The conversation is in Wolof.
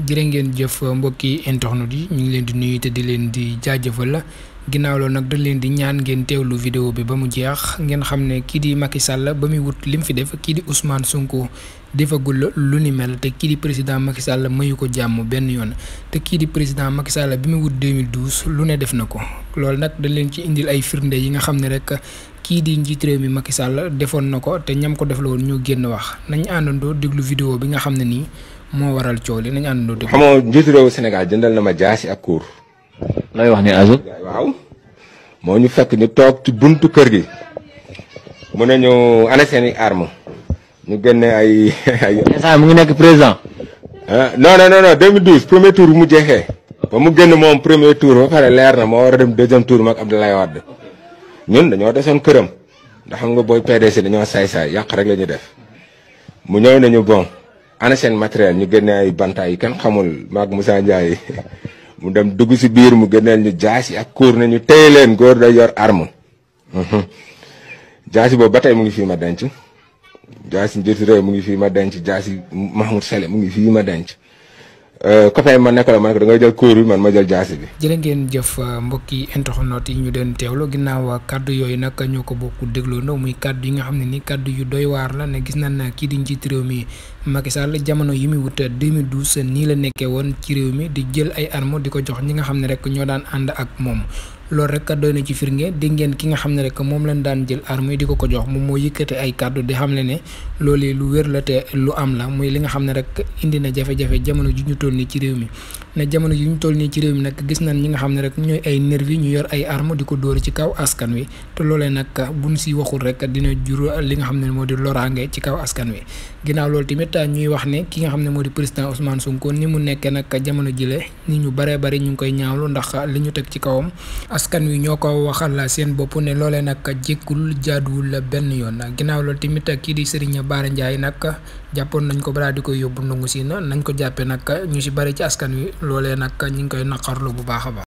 jërë ngeen jëf mbokki internet yi ñu ngi leen di nuyu te di leen di jaajëfal la ginnaaw loolu nag dañ leen di ñaan ngeen teewlu vidéo bi ba mu jeex ngeen xam ne kii di Macky Sall ba muy wut lim fi def kii di Ousmane Sonko defagul lu ni mel te kii di président Macky Sall mayu ko jàmm benn yoon te kii di président Macky Sall bi muy wut 2012 lu ne def na ko loolu nag dañ leen ci indil ay firnde yi nga xam ne rek kii di njiit mi Macky Sall defoon na ko te ñam ko def la woon ñu génn wax nañ àndandoo déglu vidéo bi nga xam ne nii. moo waral coow li nañu àndandoo déglu. xam nga njiitu réewu Sénégal jëndal na ma jaasi ak kuur. looy wax ne Azoul. waaw moo ñu fekk ñu toog ci buntu kër gi. mu ne ñu ana seeni armo ñu génne ay ay. instant mu nekk président. ah non non non 2012 premier tour bi mu jeexee. pa mu génn moom premier tour ba pare leer na moo war a dem deuxième tour mag Abdoulaye Wade ñun dañoo desoon këram ndax xam nga booy PDC dañoo say saay yàq rek la ñu def mu ñëw nañu bon. ana seen matériel ñu génne ay bantaay yi kenn xamul maag Moussa Ndiaye mu dem dugg si biir mu génneel ñu jaasi ak kóor nañu téye leen góor day yor arme mhm. jaasi boobu ba tey mu ngi fi ma denc jaasi njiitu réew mu ngi fii ma denc jaasi Mahmoud Sele mu ngi fii ma denc Euh, copain ma nekk la ma ne ko da ngay jël kóor bi man ma jël jaasi bi. jërë ngeen jëf euh, mbokki internet yi ñu doon teewlo ginnaaw kàddu yooyu nag ñoo ko bokk dégloondoo muy kaddu yi nga xam ne ni kàddu yu doy waar la ne gis nañ na kii di njiit réew mi Macky Sall jamono yi muy wut 2012 nii la nekkee woon ci réew mi di jël ay armo di ko jox ñi nga xam ne rek ñoo daan ànd ak moom. lool rek doy na ci firnge di ngeen ki nga xam ne rek moom lañ daan jël arme yi di ko ko jox moom moo yëkkate ay kàddu di le ne loolee lu wér la te lu am la muy li nga xam ne rek indi na jafe-jafe jamono ju ñu toll nii ci réew mi ne jamono ju ñu toll nii ci réew mi nag gis nañ ñi nga xam rek ñooy ay nervi ñu yor ay arme di ko dóor ci kaw askan wi te loolee nag buñ si waxul rek dina lo li nga xam ne moo di loraange ci kaw askan wi ginnaaw loolu tamit ñuy wax ne ki nga xam ne moo di président Ousmane Sonko ni mu nekkee nag jamono jile ni ñu bare bari ñu ngi koy ñaawlu ndax li ñu teg ci kawam askan wi ñoo ko waxal seen bopp ne loole nag jékkul jaaduwul benn yoon ginnaaw loolu tamit kii di Serigne Bara njaay nag jàppoon nañ ko balaa di koy yóbbu ndungu si na nañ ko jàppee nag ñu si bari ci askan wi loolee nag ñu ngi koy naqarlu bu baax a baax.